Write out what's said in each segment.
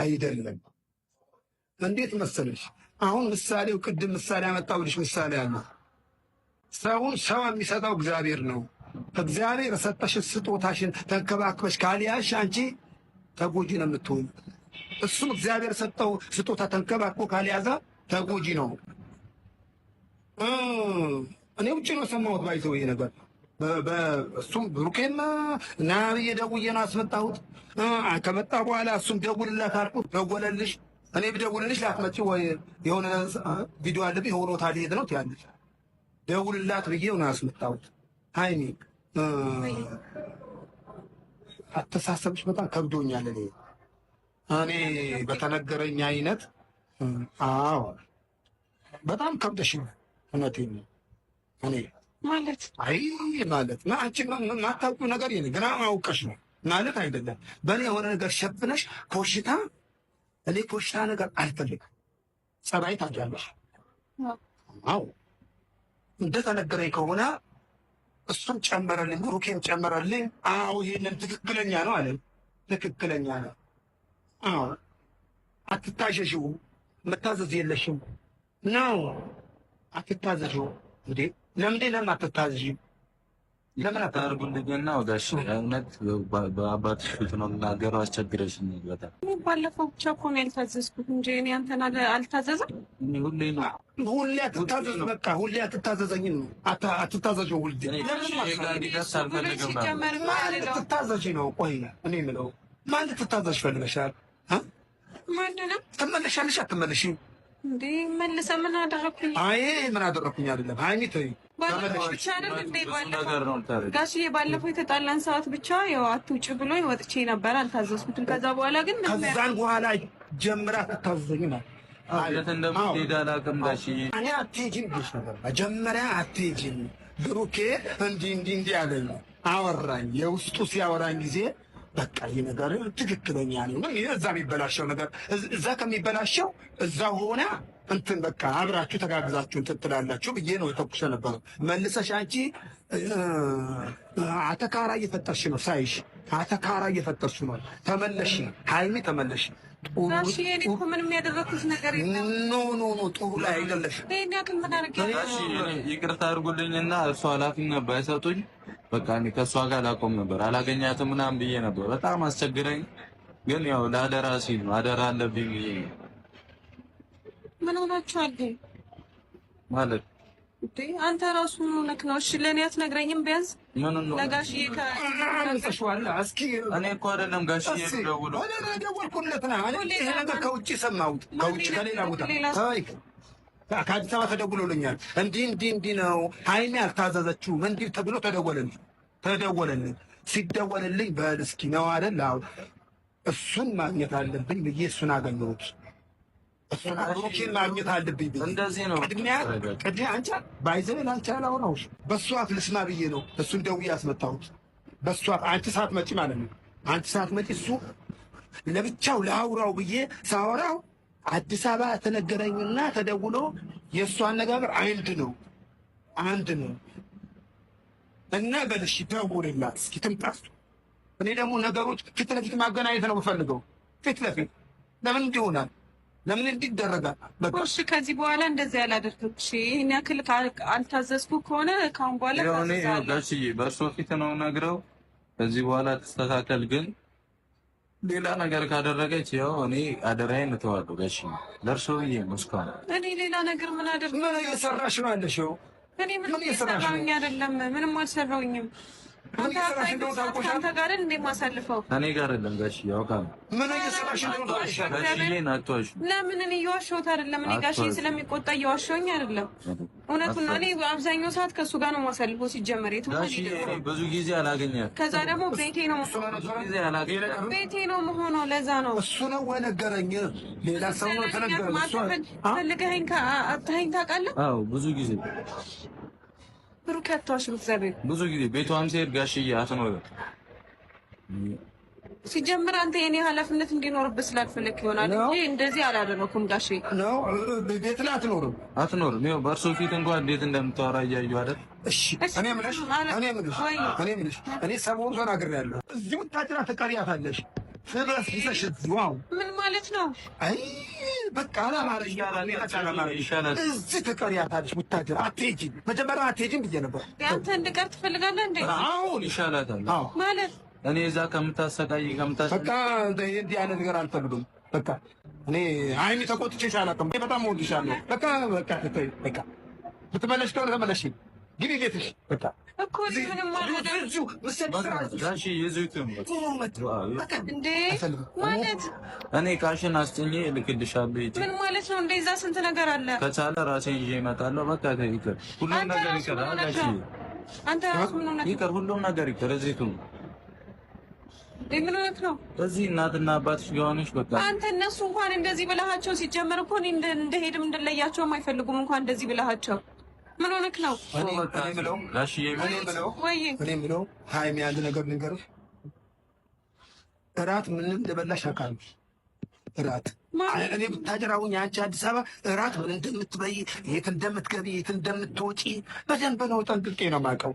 አይደለም። እንዴት መሰለሽ? አሁን ምሳሌው ቅድም ምሳሌ ያመጣሁልሽ ምሳሌ አለ። ሰውን ሰው የሚሰጠው እግዚአብሔር ነው። እግዚአብሔር የሰጠሽን ስጦታሽን ተንከባክበሽ ካልያሽ አንቺ ተጎጂ ነው የምትሆን። እሱም እግዚአብሔር የሰጠው ስጦታ ተንከባክቦ ካልያዘ ተጎጂ ነው። እኔ ውጭ ነው ሰማሁት ባይዘው ይሄ ነገር እሱም ብሩቄም ና ብዬ ደውዬ ነው አስመጣሁት። ከመጣ በኋላ እሱም ደውልላት አልኩት። ደወለልሽ እኔ ብደውልልሽ ላትመጪ ወይ የሆነ ቪዲዮ አለብኝ የሆነ ቦታ ልሄድ ነው ትያለሽ። ደውልላት ብዬ ነው አስመጣሁት። ሀይሚ አተሳሰብሽ በጣም ከብዶኛል። እኔ እኔ በተነገረኝ አይነት አዎ፣ በጣም ከብደሽ እውነቴን እኔ ማለት አይ ማለት ና አንቺ ማታውቁ ነገር ይ ግና አውቀሽ ነው ማለት አይደለም። በእኔ የሆነ ነገር ሸፍነሽ ኮሽታ፣ እኔ ኮሽታ ነገር አልፈልግም። ጸባይ ታውቂያለሽ። አዎ እንደተነገረኝ ከሆነ እሱም ጨመረልኝ፣ ብሩኬም ጨመረልኝ። አዎ ይሄንን ትክክለኛ ነው አለ። ትክክለኛ ነው። አዎ አትታሸሽው፣ መታዘዝ የለሽም ነው። አትታዘዥው እንዴ ለምንድን ለምን አትታዝዥ? ለምን አታደርጉ? እንደገና ወደ እውነት በአባትሽ ፊት ነው የምናገረው። አስቸግረሽ በጣም ባለፈው ብቻ እኮ ነው ያልታዘዝኩት እንጂ እኔ አንተን አልታዘዘም። ሁሌ ነው ሁሌ አትታዘዝ፣ በቃ ሁሌ አትታዘዘኝ ነው አትታዘዥ። ሁልዴ ትታዘዥ ነው። ቆይ እኔ የምለው ማን ትታዘዥ ፈልገሻል? ማንንም ትመለሻለሽ? አትመለሽም እንዴ መልሰ ምን አደረኩኝ? አይ ምን አደረኩኝ አይደለም። ሀይሚ ተይ ጋሽዬ፣ ባለፈው የተጣላን ሰዓት ብቻ ያው አትውጭ ብሎ ወጥቼ ነበር አልታዘዝኩትም። ከዛ በኋላ ግን ከዛን በኋላ ጀምራ አታዘኝ መጀመሪያ አትሄጂም ብሩኬ እንዲህ እንዲህ እንዲህ አለኝ አወራኝ። የውስጡ ሲያወራኝ ጊዜ በቃ ይህ ነገር ትክክለኛ ነው። እዛ የሚበላሸው ነገር እዛ ከሚበላሸው እዛ ሆና እንትን በቃ አብራችሁ ተጋግዛችሁ እንትን ትላላችሁ ብዬ ነው የተኩሰ ነበረ። መልሰሽ አንቺ አተካራ እየፈጠርሽ ነው፣ ሳይሽ አተካራ እየፈጠርሽ ነው። ተመለሽ ሀይሚ ተመለሽ። ምንም ያደረኩት ነገር የለም። ኖ ኖ ኖ ጥሩ ላይ አይደለሽ። ይቅርታ አድርጉልኝና እሱ ኃላፊነት ባይሰጡኝ በቃ እኔ ከእሷ ጋር ላቆም ነበር አላገኛትም ምናምን ብዬ ነበር። በጣም አስቸግረኝ፣ ግን ያው ለአደራ ሲል ነው አደራ አለብኝ ብዬ ነው። ምን ሆናችኋል ማለት አንተ ራሱ ነክ ነው። እሺ ለእኔ አትነግረኝም? ቢያንስ ምን ነው ለጋሽዬ ከአንሰሽዋል። እስኪ እኔ እኮ አይደለም ጋሽዬ ደውሎ ደወልኩለት ነው። ይሄ ነገር ከውጭ ሰማሁት፣ ከውጭ ከሌላ ቦታ ከአዲስ አበባ ተደውሎልኛል። እንዲህ እንዲህ እንዲህ ነው ሀይሚ አልታዘዘችውም እንዲህ ተብሎ ተደወለልኝ ተደወለልኝ። ሲደወለልኝ በል እስኪ ነው አይደል አሁን እሱን ማግኘት አለብኝ ብዬ እሱን አገኘሁት። እሱን ማግኘት አለብኝ ብዬ እንደዚህ ነው ቅድሚያ ቅድሚያ አንቺ ባይዘን ላንቺ ያላሆነው በእሷ አፍ ልስማ ብዬ ነው እሱን ደውዬ አስመጣሁት። በእሷ አፍ አንቺ ሰዓት መጪ ማለት ነው አንቺ ሰዓት መጪ እሱ ለብቻው ለአውራው ብዬ ሳወራው አዲስ አበባ ተነገረኝና ተደውሎ የእሱ አነጋገር አንድ ነው አንድ ነው እና በልሽ ደውልላት እስኪ ትምጣሱ። እኔ ደግሞ ነገሮች ፊት ለፊት ማገናኘት ነው የምፈልገው። ፊት ለፊት ለምን እንዲህ ለምን እንዲህ ይደረጋል? እሺ፣ ከዚህ በኋላ እንደዚህ ያላደርግም። እሺ፣ ይህን ያክል አልታዘዝኩ ከሆነ ካሁን በኋላ በእርሶ ፊት ነው ነግረው። ከዚህ በኋላ ተስተካከል ግን ሌላ ነገር ካደረገች ያው እኔ አደራዬን እተዋለሁ። ጋሽ ለእርሶ ብዬ ነው እስካሁን። እኔ ሌላ ነገር ምን አደረግ ምን እየሰራሽ ነው ያለሽ? እኔ ምን እየሰራሽ አይደለም፣ ምንም አልሰራውኝም። አንተ ጋር እንደ ማሳልፈው እኔ ጋር አይደለም ጋሽ ያው ምን እየሰራሽ ነው ለምን እኔ እየዋሸሁት አይደለም። እኔ ጋሽ ስለሚቆጣ እየዋሸሁኝ አይደለም። እውነቱን ነው። እኔ ሰዓት ከእሱ ጋር ነው የማሳልፈው። ሲጀመር ብዙ ጊዜ አላገኛትም። ከዛ ደግሞ ቤቴ ነው ቤቴ ነው መሆነው። ለዛ ነው እሱ ነው ወይ ነገረኝ። ሌላ ሰው ነው ፈልገኸኝ አታኸኝ ታውቃለህ። ብዙ ጊዜ ብሩክ እግዚአብሔር ብዙ ጊዜ ሲሄድ ጋሽዬ አትኖርም ሲጀምር አንተ የኔ ኃላፊነት እንዲኖርበት ስላልፈለክ ይሆናል እንጂ እንደዚህ አላደረኩም። ጋሼ ነው ቤት ላይ አትኖርም፣ አትኖርም። ይኸው በእርሶ ፊት እንኳን እንዴት እንደምታወራ እያዩ አይደል? እሺ እኔ የምልሽ እኔ የምልሽ እኔ የምልሽ እኔ ሰሞኑን አግሬያለሁ። እዚህ ውታጅራ ትቀሪያታለሽ ፍረስ ይዘሽ ዋው ምን ማለት ነው? አይ በቃ አላማረኝ ይሻላል። እዚህ ትቀሪያታለሽ። ውታጅራ አትሄጂም፣ መጀመሪያ አትሄጂም ብዬ ነበር። ያንተ እንድቀር ትፈልጋለህ እንዴ? አሁን ይሻላታል ማለት እኔ እዛ ከምታሰቃይ ከምታሰቃይ በቃ እንዲህ አይነት ነገር አልፈልግም። በቃ እኔ አይኒ ተቆጥቼሽ አላውቅም። በጣም እወድሻለሁ። በቃ በቃ በቃ ብትመለሽ ከሆነ ተመለሽ። ግን ይገትሽ በቃ እኮ ምንም ማለት እኔ ካሽን አስጥኜ እልክልሻለሁ። ምን ማለት ነው? እንደዛ ስንት ነገር አለ። ከቻለ ራሴን ይዤ እመጣለሁ። በቃ ሁሉም ነገር ይቅር ሁሉም ነገር ይቅር። እዚህ ምን ሆነህ ነው? እዚህ እናትና አባትሽ የሆነሽ በቃ አንተ እነሱ እንኳን እንደዚህ ብለሃቸው ሲጀመር እኮ እንደሄድም እንደለያቸውም አይፈልጉም። እንኳን እንደዚህ ብለሃቸው ምን ሆነህ ነው? እኔ ብለው ሀይሚ አንድ ነገር ልንገርህ፣ እራት ምንም እንደበላሽ አካል እራት እኔ ብታጀራውኝ አንቺ አዲስ አበባ እራት ምን እንደምትበይ የት እንደምትገቢ የት እንደምትወጪ በደንብ ነው ጠንቅቄ ነው የማውቀው።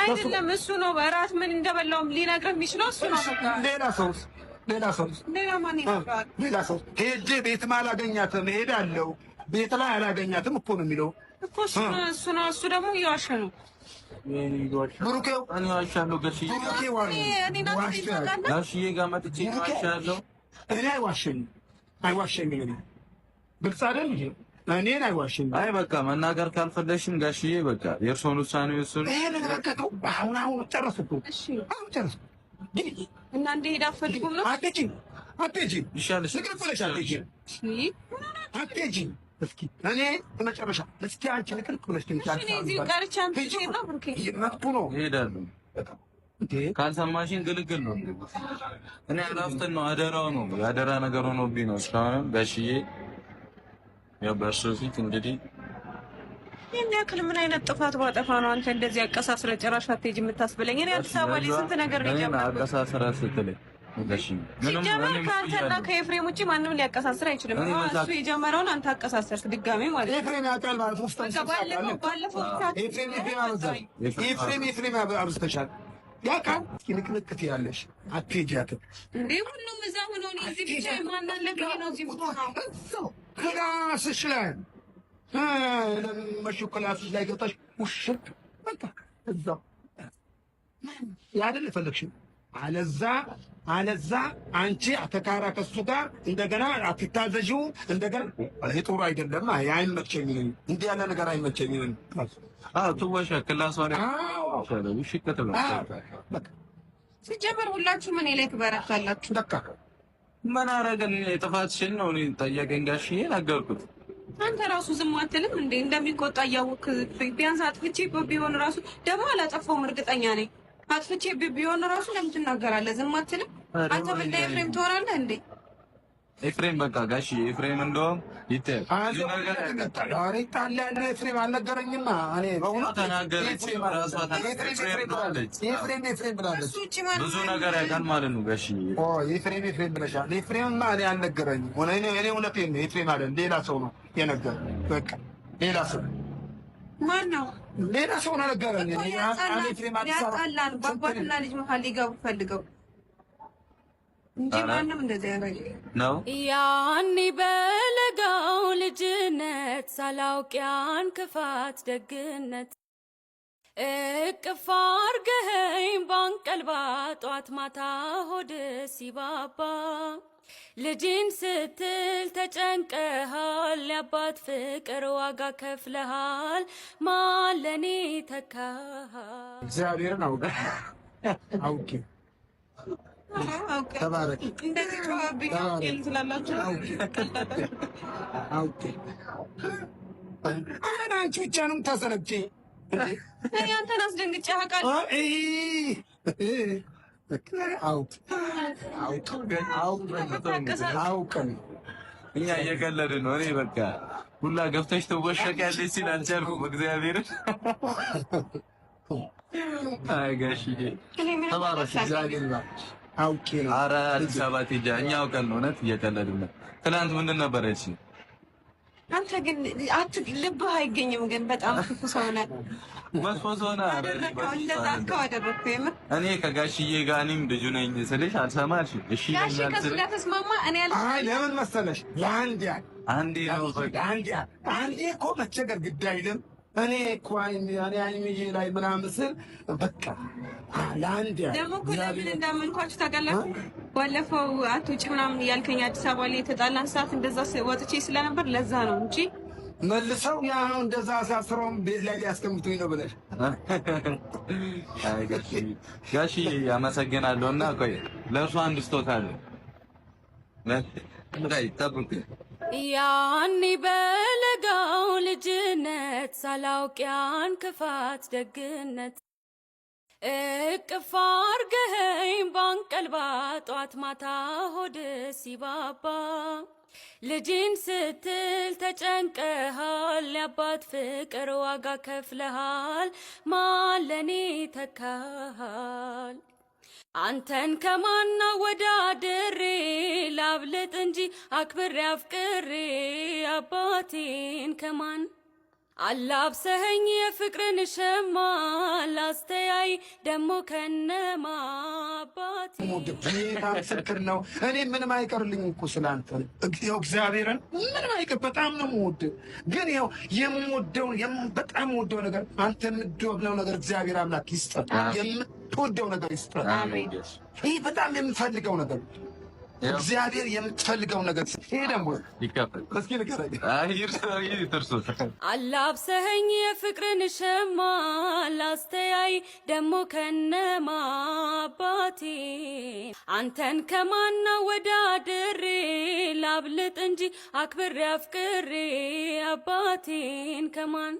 አይደለም እሱ ነው። በራት ምን እንደበላውም ሊነግር የሚችለው እሱ ነው። ሌላ ሰው ሌላ ሰው ሌላ ማን ይነግረዋል? ሌላ ሰው ሄጄ ቤትም አላገኛትም እሄዳለሁ ቤት ላይ አላገኛትም እኮ ነው የሚለው እኮ እሱ ነው። እሱ ደግሞ እየዋሸ ነው። ብሩኬ ዋሻለሁ ጋሽዬ ጋር መጥቼ ዋሻለሁ። እኔ አይዋሸኝም አይዋሸኝም። ግልጽ አይደል ይሄ እኔን አይዋሽኝ። አይ በቃ መናገር ካልፈለሽም ጋሽዬ በቃ የእርሶን ውሳኔ እሱን ይሄ ነገር አቀቀው። አሁን አሁን ጨረስኩ። እሺ አሁን ጨረስኩ። እና እንደ ሄዳ አትፈልጉም ነው? አትሄጂም፣ አትሄጂም። ይሻልሽ ነገር ፈለሽ አትሄጂም። አትሄጂም። እስኪ እኔ በመጨረሻ እስኪ አንቺ ልቅል ኩለሽ ትንቻለሽ። ነው ይሄዳሉ። ካልሰማሽን ግልግል ነው። እኔ አላፍትን ነው አደራው ነው የአደራ ነገር ሆኖብኝ ነው እስካሁንም ጋሽዬ ያው በእርሱ ፊት እንግዲህ ይህን ያክል ምን አይነት ጥፋት ባጠፋ ነው አንተ እንደዚህ አቀሳስረ ጭራሽ አትሄጂ የምታስብለኝ? እኔ አዲስ አበባ ላይ ስንት ነገር ነው የጀመርኩት። አቀሳስረ ስትል ሲጀመር ከአንተና ከኤፍሬም ውጭ ማንም ሊያቀሳስር አይችልም። እሱ የጀመረውን አንተ አቀሳሰርክ ድጋሜ ማለት ነው። ኤፍሬም ያውቃል ማለት ባለፈው ያለሽ አትሄጂያትም እንዴ ሁሉም እዛ ሆኖ እዚህ ብቻ ማናለብ ነው እዚህ ነው ክላስሽ ላይ መሽው ክላስሽ ላይ ገብታሽ ውሽቅ በቃ እዛው ያደል የፈለግሽው። አለዛ አለዛ አንቺ አተካራ ከሱ ጋር እንደገና አትታዘዥው። እንደገና ይሄ ጥሩ አይደለም። አይ አይመቸኝ፣ እንዲህ ያለ ነገር አይመቸኝ። አዎ ትወሻ ክላሷ ላይ ሲጀመር ሁላችሁ ምን ላይ ትበረታላችሁ በቃ ምን አረገን? ጥፋትሽን ነው እኔ ጠየቀኝ። ጋሽዬ ነገርኩት። አንተ ራሱ ዝም አትልም እንዴ? እንደሚቆጣ እያወቅ ቢያንስ አጥፍቼ ቢሆን ራሱ ደግሞ አላጠፋውም፣ እርግጠኛ ነኝ። አጥፍቼ ቢሆን ራሱ ለምን ትናገራለህ? ዝም አትልም አንተ። ብላ ኤፍሬም ትሆናለህ እንዴ? ኤፍሬም በቃ ጋሺ ኤፍሬም እንደውም ብዙ ነገር ያውቃል ማለት ነው ጋሽ ኤፍሬም ኤፍሬም ብለሻል። እኔ ነው። ኤፍሬም ሌላ ሰው ነው የነገረኝ። በቃ ሌላ ሰው ማነው? ሌላ ሰው ነው ነገረኝ። ኤፍሬም ባባትና ልጅ መሀል ሊገቡ ፈልገው እንጂ ማንም እንደዚህ ያደረገ ነው። ያኔ በለጋው ልጅነት ሳላውቅ ያን ክፋት ደግነት እቅፍ አርገኸኝ ባንቀልባ ጧት ማታ ሆድ ሲባባ ልጅን ስትል ተጨንቀሃል፣ የአባት ፍቅር ዋጋ ከፍለሃል፣ ማለኔ ተካሃል እግዚአብሔርን አውቅ አውቄ ተባረክ። እንደዚህ አንቺ ብቻ ነው የምታሰለብኝ። እኔ አንተን አስደንግጬ አውቃለሁ። አውቀን እኛ እየቀለድን ነው። እኔ በቃ ሁላ ገብተሽ ትወሸቅ ያለች ሲል አልቻልኩም። እግዚአብሔርን አይ ጋሽዬ ተባረክ። እግዚአብሔር አውቄ ነው። ኧረ አዲስ አበባ ትሄጃ። እኛ አውቀን ነው። እውነት እየቀለድን ነው። ትናንት ምንድን ነበር? እሺ አንተ ግን ልብህ አይገኝም። ግን በጣም ክፉ ሰው ነህ፣ መጥፎ ሰው ነህ። እኔ ከጋሽዬ ጋር እኔም ልጁ ነኝ ስልሽ አልሰማሽም። እሺ ጋሽ ተስማማ። እኔ አይ ለምን መሰለሽ ለአንድ ያህል አንዴ ነው አንዴ እኮ መቸገር ግድ አይልም እኔ እኮ እኔ አይሚጂ ላይ ምናምን ስል በቃ ለአንድ ደግሞ እኮ ለምን እንዳመንኳችሁ ታውቃላችሁ? ባለፈው አትውጪ ምናምን እያልከኝ አዲስ አበባ ላይ የተጣላን ሰዓት እንደዛ ወጥቼ ስለነበር ለዛ ነው እንጂ መልሰው ያ ነው እንደዛ አሳስረውም ቤት ላይ ሊያስቀምጡኝ ነው ብለሽ ጋሺ አመሰግናለሁ። እና ቆይ ለእርሱ አንድ ስጦታ አለ ጠብቁ ያኔ በለጋው ልጅነት ሳላውቅ ያን ክፋት ደግነት እቅፍ አርገኸኝ ባንቀልባ ጧት ማታ ሆድ ሲባባ ልጅን ስትል ተጨንቀሃል፣ የአባት ፍቅር ዋጋ ከፍለሃል፣ ማለኔ ተካሃል አንተን ከማና ወዳድሬ ላብልጥ እንጂ አክብሬ አፍቅሬ አባቴን ከማን አላብሰኸኝ የፍቅርን ሸማ ላስተያይ ደሞ ከነማ አባት ምስክር ነው። እኔ ምንም አይቀርልኝ እኮ ስላንተ እግዚአብሔርን ምንም አይቀር በጣም ነው የምወድህ። ግን ያው የምወደው በጣም የምወደው ነገር አንተ የምትወደው ነገር እግዚአብሔር አምላክ ይስጠህ። የምትወደው ነገር ይስጠህ። ይህ በጣም የምፈልገው ነገር እግዚአብሔር የምትፈልገው ነገር ይሄ ደግሞ ይከፈል። እስኪ ንገረኝ። የፍቅርን ሸማ ላስተያይ ደግሞ ከነማ አባቴ አንተን ከማና ወዳድሬ ላብልጥ እንጂ አክብሬ አፍቅሬ አባቴን ከማን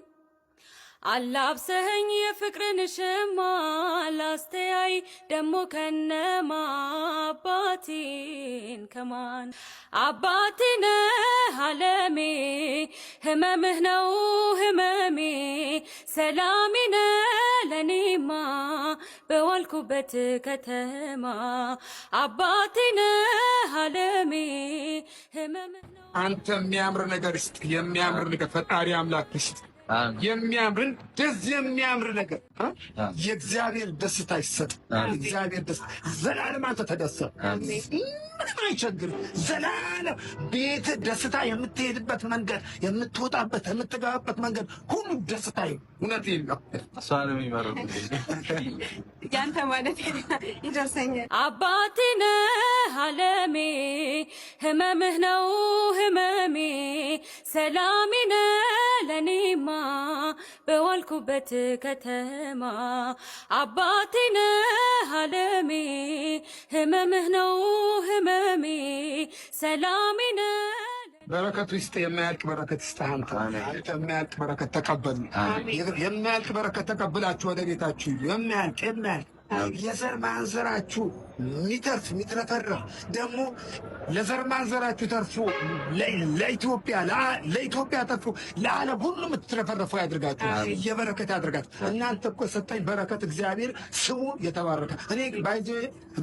አላብሰኸኝ የፍቅርን ሽማ ላስተያይ ደሞ ከነማ አባቴን ከማን አባቴ አለሜ ህመምህ ነው ህመሜ ሰላሜ ለኔማ በዋልኩበት ከተማ አባቴ አለሜ ህመምህ ነው አንተ የሚያምር ነገር ስጥ፣ የሚያምር ነገር ፈጣሪ አምላክ ስጥ። የሚያምርን ደስ የሚያምር ነገር የእግዚአብሔር ደስታ ይሰጥ። እግዚአብሔር ደስ ዘላለም አንተ ተደሰ ምንም አይቸግር። ዘላለም ቤት ደስታ የምትሄድበት መንገድ፣ የምትወጣበት የምትገባበት መንገድ ሁሉ ደስታ ይ እውነት የለው ያንተ ማለት ይደርሰኛል። አባቴ አለሜ፣ ህመምህ ነው ህመሜ፣ ሰላሜ ለኔማ በዋልኩበት ከተማ አባቴ ነህ አለሜ፣ ህመምህ ነው ህመሜ፣ ሰላሜ ነህ። በረከቱ ይስጥ። የማያልቅ በረከት ይስጥ። አንተ የማያልቅ በረከት ተቀበል። የማያልቅ በረከት ተቀብላችሁ ወደ ቤታችሁ የማያልቅ የማያልቅ የዘር ማንዘራችሁ የሚተርፍ የሚትረፈረፍ ደግሞ ለዘር ማንዘራችሁ ተርፎ ለኢትዮጵያ ለኢትዮጵያ ተርፎ ለዓለም ሁሉ የምትትረፈረፉ ያድርጋችሁ፣ የበረከት ያድርጋችሁ። እናንተ እኮ የሰጠኝ በረከት እግዚአብሔር ስሙ የተባረከ። እኔ ባይዘ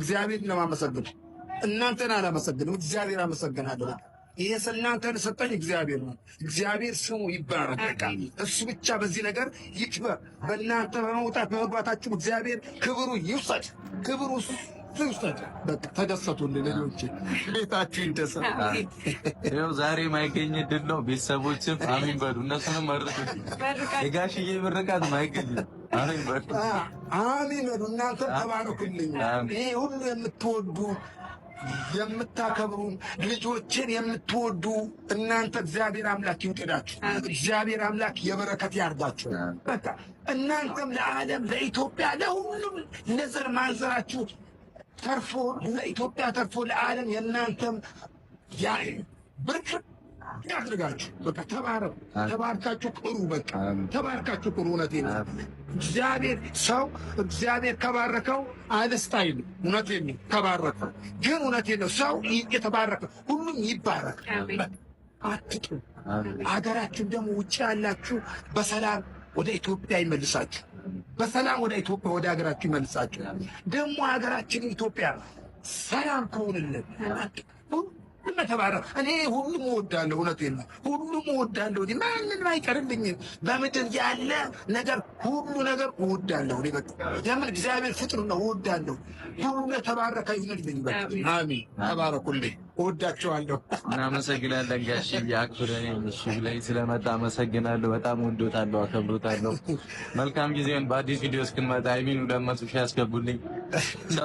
እግዚአብሔር ለማመሰግን እናንተን አላመሰግንም፣ እግዚአብሔር አመሰግናለሁ። ይሄ ስናንተን ሰጠኝ እግዚአብሔር ነው። እግዚአብሔር ስሙ ይባረክ። እሱ ብቻ በዚህ ነገር ይክበር። በእናንተ በመውጣት በመግባታችሁ እግዚአብሔር ክብሩ ይውሰድ፣ ክብሩ ይውሰድ። በቃ ተደሰቱልን ልጆች፣ ቤታችሁ ይደሰት። ይኸው ዛሬ ማይገኝ ድል ነው። ቤተሰቦችም አሚን በሉ፣ እነሱንም መርቁ። የጋሽዬ ምርቃት ማይገኝ አሚን በሉ፣ እናንተ ተባረኩልኝ። ይህ ሁሉ የምትወዱ የምታከብሩ ልጆችን የምትወዱ እናንተ እግዚአብሔር አምላክ ይውደዳችሁ። እግዚአብሔር አምላክ የበረከት ያርጋችሁ። በቃ እናንተም ለዓለም ለኢትዮጵያ፣ ለሁሉም ነዘር ማንዘራችሁ ተርፎ ለኢትዮጵያ ተርፎ ለዓለም የእናንተም ያ ያድርጋችሁ። በቃ ተባረው ተባርካችሁ ቅሩ። በቃ ተባርካችሁ ቅሩ። እውነቴን ነው። እግዚአብሔር ሰው እግዚአብሔር ከባረከው አነስታ ይሉ እውነቴን ነው። ተባረከው ግን እውነቴን ነው። ሰው የተባረከ ሁሉም ይባረክ። አትጡ። አገራችን ደግሞ ውጭ ያላችሁ በሰላም ወደ ኢትዮጵያ ይመልሳችሁ። በሰላም ወደ ኢትዮጵያ ወደ ሀገራችሁ ይመልሳችሁ። ደግሞ ሀገራችን ኢትዮጵያ ሰላም ከሆንልን ተባረ እኔ ሁሉም እወዳለሁ። እውነቴን ነው። ሁሉም እወዳለሁ። ማንንም አይቀርልኝም። በምድር ያለ ነገር ሁሉ ነገር እወዳለሁ። እኔ በቃ ለምን እግዚአብሔር ፍጡር ነው። እወዳለሁ። ሁሉ የተባረከ ይሁንልኝ። በቃ አሜን። ተባረኩልኝ። እወዳቸዋለሁ። እናመሰግናለን ጋሽ የአክብረን እሱ ላይ ስለመጣ አመሰግናለሁ። በጣም ወንዶታለሁ፣ አከብሮታለሁ። መልካም ጊዜን። በአዲስ ቪዲዮ እስክንመጣ አይሚን ሁለት መቶ ሺህ ያስገቡልኝ።